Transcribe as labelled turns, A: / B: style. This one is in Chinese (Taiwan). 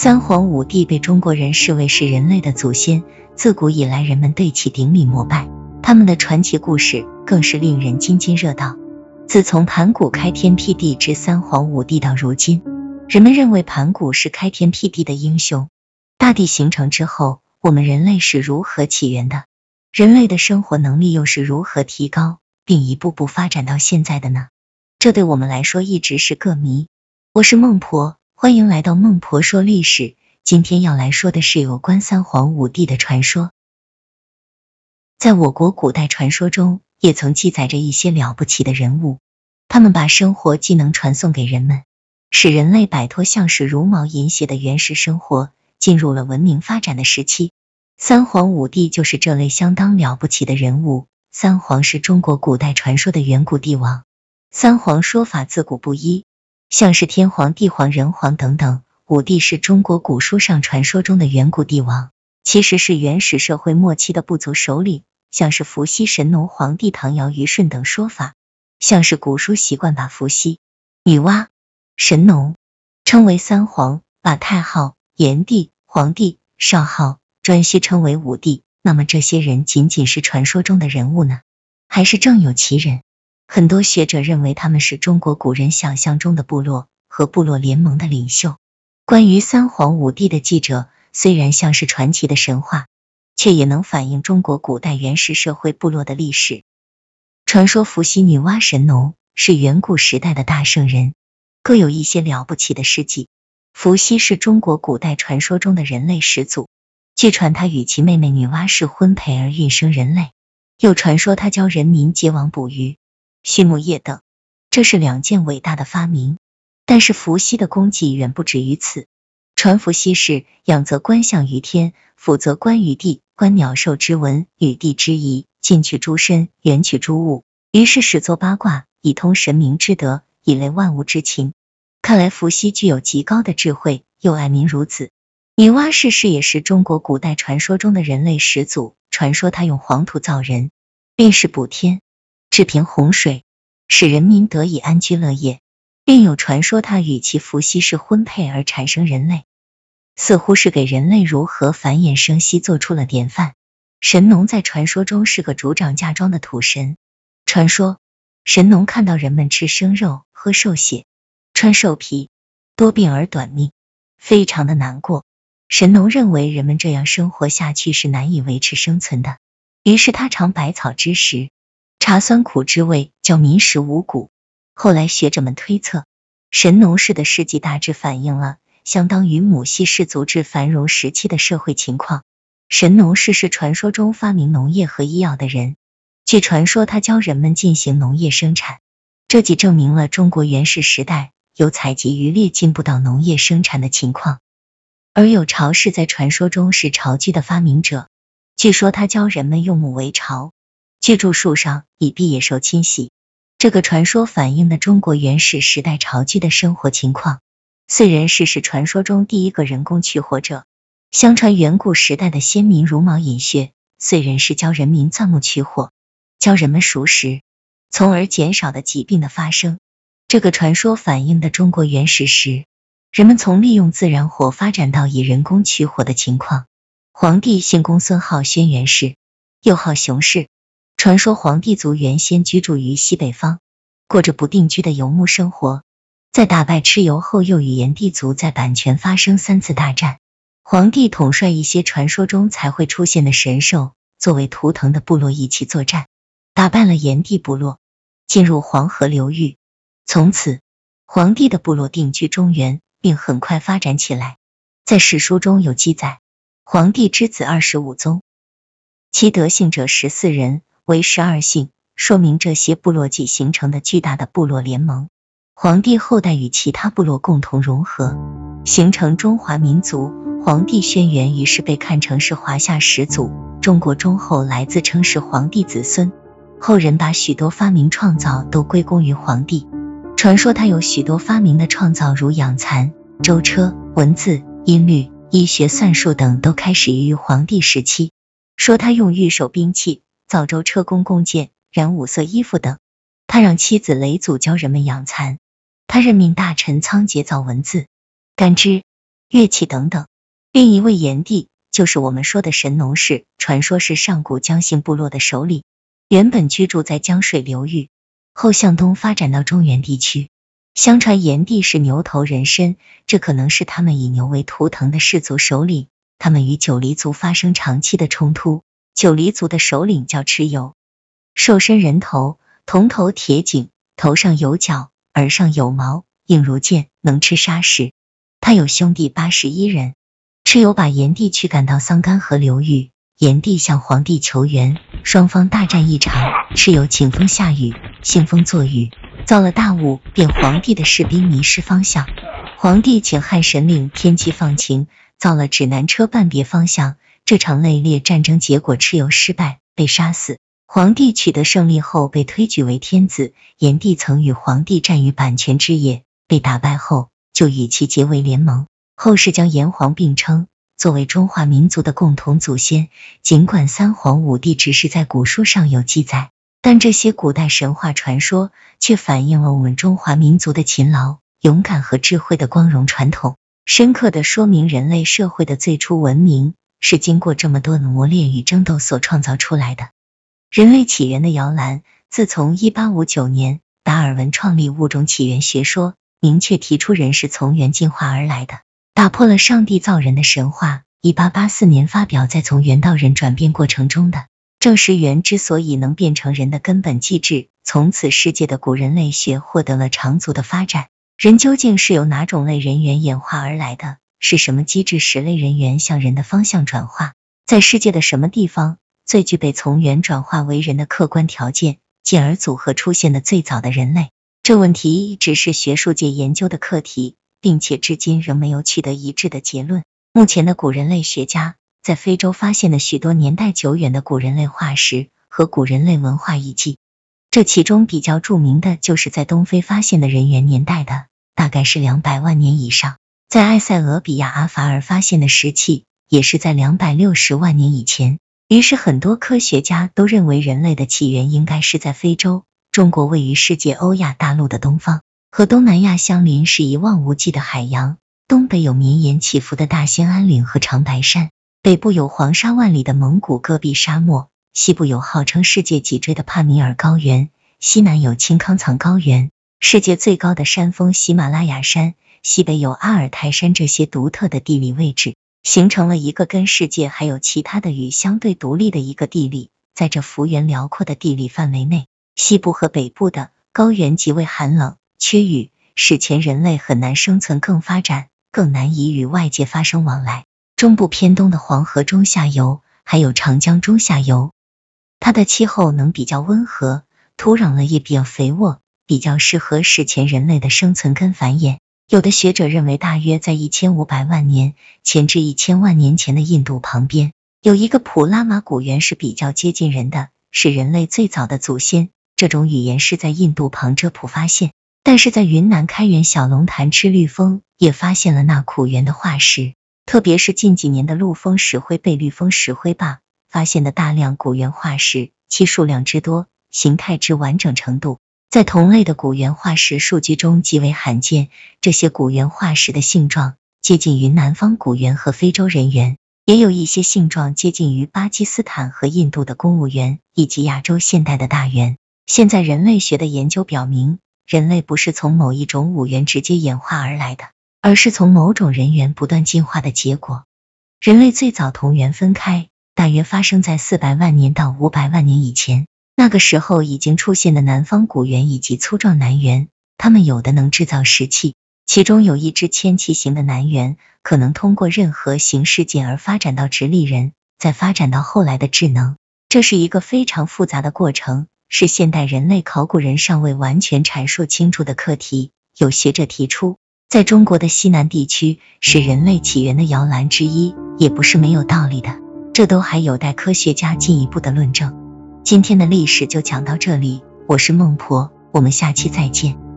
A: 三皇五帝被中國人視為是人類的祖先，自古以來人們對其頂禮膜拜，他們的傳奇故事更是令人津津樂道。自從盤古開天闢地至三皇五帝到如今，人們認為盤古是開天闢地的英雄。大地形成之後，我們人類是如何起源的？人類的生活能力又是如何提高，並一步步發展到現在的呢？這對我們來說一直是個謎。我是孟婆。歡迎來到孟婆說歷史，今天要來說的是有關三皇五帝的傳說。在我國古代傳說中，也曾記載着一些了不起的人物，他們把生活技能傳送給人們，使人類擺脫像是茹毛飲血的原始生活，進入了文明發展的時期。三皇五帝就是這類相當了不起的人物。三皇是中國古代傳說的遠古帝王，三皇說法自古不一。像是天皇、地皇、人皇等等，五帝是中國古書上傳說中的遠古帝王，其實是原始社會末期的部族首領，像是伏羲、神農、黃帝、唐堯、虞舜等說法。像是古書習慣把伏羲、女媧、神農稱為三皇，把太昊、炎帝、黃帝、少昊、顓頊稱為五帝。那麼這些人僅僅是傳說中的人物呢，還是正有其人？很多學者認為，他們是中國古人想象中的部落和部落聯盟的領袖。關於三皇五帝的記載，雖然像是傳奇的神話，卻也能反映中國古代原始社會部落的歷史。傳說伏羲、女媧、神農是遠古時代的大聖人，各有一些了不起的事跡。伏羲是中國古代傳說中的人類始祖，據傳他與其妹妹女媧是婚配而孕生人類，又傳說他教人民結網捕魚。畜牧業等，這是兩件偉大的發明。但是伏羲的功績遠不止於此。傳伏羲氏，仰則觀象於天，俯則觀於地，觀鳥獸之文與地之宜，近取諸身，遠取諸物，於是始作八卦，以通神明之德，以類萬物之情。看來伏羲具有極高的智慧，又愛民如子。女媧氏氏也是中國古代傳說中的人類始祖，傳說她用黃土造人，便是補天。治平洪水，使人民得以安居樂業。另有傳說，他與其伏羲氏婚配而產生人類，似乎是給人類如何繁衍生息做出了典範。神農在傳說中是個主掌嫁妝的土神。傳說神農看到人們吃生肉、喝獸血、穿獸皮，多病而短命，非常的難過。神農認為人們這樣生活下去是難以維持生存的，於是他嘗百草之食。茶酸苦之味，教民食五穀。後來學者們推測，神農氏的事蹟大致反映了相當於母系氏族制繁榮時期的社會情況。神農氏是傳說中發明農業和醫藥的人。據傳說，他教人們進行農業生產，這既證明了中國原始時代由採集漁獵進步到農業生產的情況，而有巢氏在傳說中是巢居的發明者。據說他教人們用木為巢。居住樹上，以避野獸侵襲。這個傳說反映的中國原始時代巢居的生活情況。燧人氏是傳說中第一個人工取火者。相傳遠古時代的先民茹毛飲血，燧人氏教人民鑽木取火，教人們熟食，從而減少了疾病的發生。這個傳說反映的中國原始時，人們從利用自然火發展到以人工取火的情況。黃帝姓公孫號軒轅，號軒轅氏，又號熊氏。傳說黃帝族原先居住於西北方，過着不定居的游牧生活。在打敗蚩尤後，又與炎帝族在阪泉發生三次大戰。黃帝統帥一些傳說中才會出現的神獸，作為圖騰的部落一起作戰，打敗了炎帝部落，進入黃河流域。從此，黃帝的部落定居中原，並很快發展起來。在史書中有記載，黃帝之子二十五宗，其得姓者十四人。為十二姓，說明這些部落既形成的巨大的部落聯盟，黃帝後代與其他部落共同融合，形成中華民族。黃帝軒轅於是被看成是華夏始祖。中國中後來自稱是黃帝子孫，後人把許多發明創造都歸功於黃帝。傳說他有許多發明的創造，如養蠶、舟車、文字、音律、醫學、算術等，都開始於黃帝時期。說他用玉手兵器。造舟車工、弓、弓箭、染五色衣服等，他讓妻子雷祖教人們養蠶。他任命大臣倉頡造文字、干支、樂器等等。另一位炎帝就是我們說的神農氏，傳說是上古姜姓部落的首領，原本居住在江水流域，後向東發展到中原地區。相傳炎帝是牛頭人身，這可能是他們以牛為圖騰的氏族首領。他們與九黎族發生長期的衝突。九黎族的首領叫蚩尤，獸身人頭，銅頭鐵頸，頭上有角，耳上有毛，硬如劍，能吃沙石。他有兄弟八十一人。蚩尤把炎帝驅趕到桑乾河流域，炎帝向黃帝求援，雙方大戰一場。蚩尤請風下雨，興風作雨，造了大霧，便黃帝的士兵迷失方向。黃帝請旱神令天氣放晴，造了指南車，辨別方向。這場內列戰爭結果，蚩尤失敗，被殺死。黃帝取得勝利後，被推舉為天子。炎帝曾與黃帝戰於阪泉之野，被打敗後，就與其結為聯盟。後世將炎黃並稱，作為中華民族的共同祖先。儘管三皇五帝只是在古書上有記載，但這些古代神話傳說卻反映了我們中華民族的勤勞、勇敢和智慧的光榮傳統，深刻地說明人類社會的最初文明，是經過這麼多的磨練與爭鬥所創造出來的。人類起源的搖籃。自從一八五九年，達爾文創立物種起源學說，明確提出人是從猿進化而來的，打破了上帝造人的神話。一八八四年發表在從猿到人轉變過程中的，證實猿之所以能變成人的根本機制。從此，世界的古人類學獲得了長足的發展。人究竟是由哪種類人猿演化而來的？是什麼機制使類人猿向人的方向轉化？在世界的什麼地方最具備從猿轉化為人的客觀條件，進而組合出現的最早的人類？這問題一直是學術界研究的課題，並且至今仍沒有取得一致的結論。目前的古人類學家在非洲發現的許多年代久遠的古人類化石和古人類文化遺跡，這其中比較著名的就是在東非發現的人猿年代的，大概是兩百萬年以上。在埃塞俄比亞阿法爾發現的石器也是在兩百六十萬年以前。於是，很多科學家都認為人類的起源應該是在非洲。中國位於世界歐亞大陸的東方，和東南亞相鄰，是一望無際的海洋。東北有綿延起伏的大興安嶺和長白山，北部有黃沙萬里的蒙古戈壁沙漠，西部有號稱世界脊椎的帕米爾高原，西南有青康藏高原，世界最高的山峰喜馬拉雅山。西北有阿爾泰山，這些獨特的地理位置形成了一個跟世界還有其他的與相對獨立的一個地理。在這幅員遼闊的地理範圍內，西部和北部的高原極為寒冷、缺雨，史前人類很難生存、更發展、更難以與外界發生往來。中部偏東的黃河中下游，還有長江中下游，它的氣候能比較溫和，土壤呢也比較肥沃，比較適合史前人類的生存跟繁衍。有的學者認為，大約在一千五百萬年前至一千萬年前的印度旁邊，有一個普拉瑪古猿是比較接近人的，是人類最早的祖先。這種語言是在印度旁遮普發現，但是在雲南開遠小龍潭、吃綠峰也發現了那古猿的化石。特別是近幾年的陸豐石灰被綠峰石灰壩發現的大量古猿化石，其數量之多，形態之完整程度。在同類的古猿化石數據中極為罕見，這些古猿化石的性狀接近於南方古猿和非洲人猿，也有一些性狀接近於巴基斯坦和印度的公務員以及亞洲現代的大猿。現在人類學的研究表明，人類不是從某一種五猿直接演化而來的，而是從某種人猿不斷進化的結果。人類最早同猿分開，大約發生在四百萬年到五百萬年以前。那個時候已經出現的南方古猿以及粗壯南猿，他們有的能制造石器，其中有一支千奇型的南猿，可能通過任何形式進而發展到直立人，再發展到後來的智能，這是一個非常複雜的過程，是現代人類考古人尚未完全闡述清楚的課題。有學者提出，在中國的西南地區是人類起源的搖籃之一，也不是沒有道理的，這都還有待科學家進一步的論證。今天的歷史就講到這裡，我是孟婆，我們下期再見。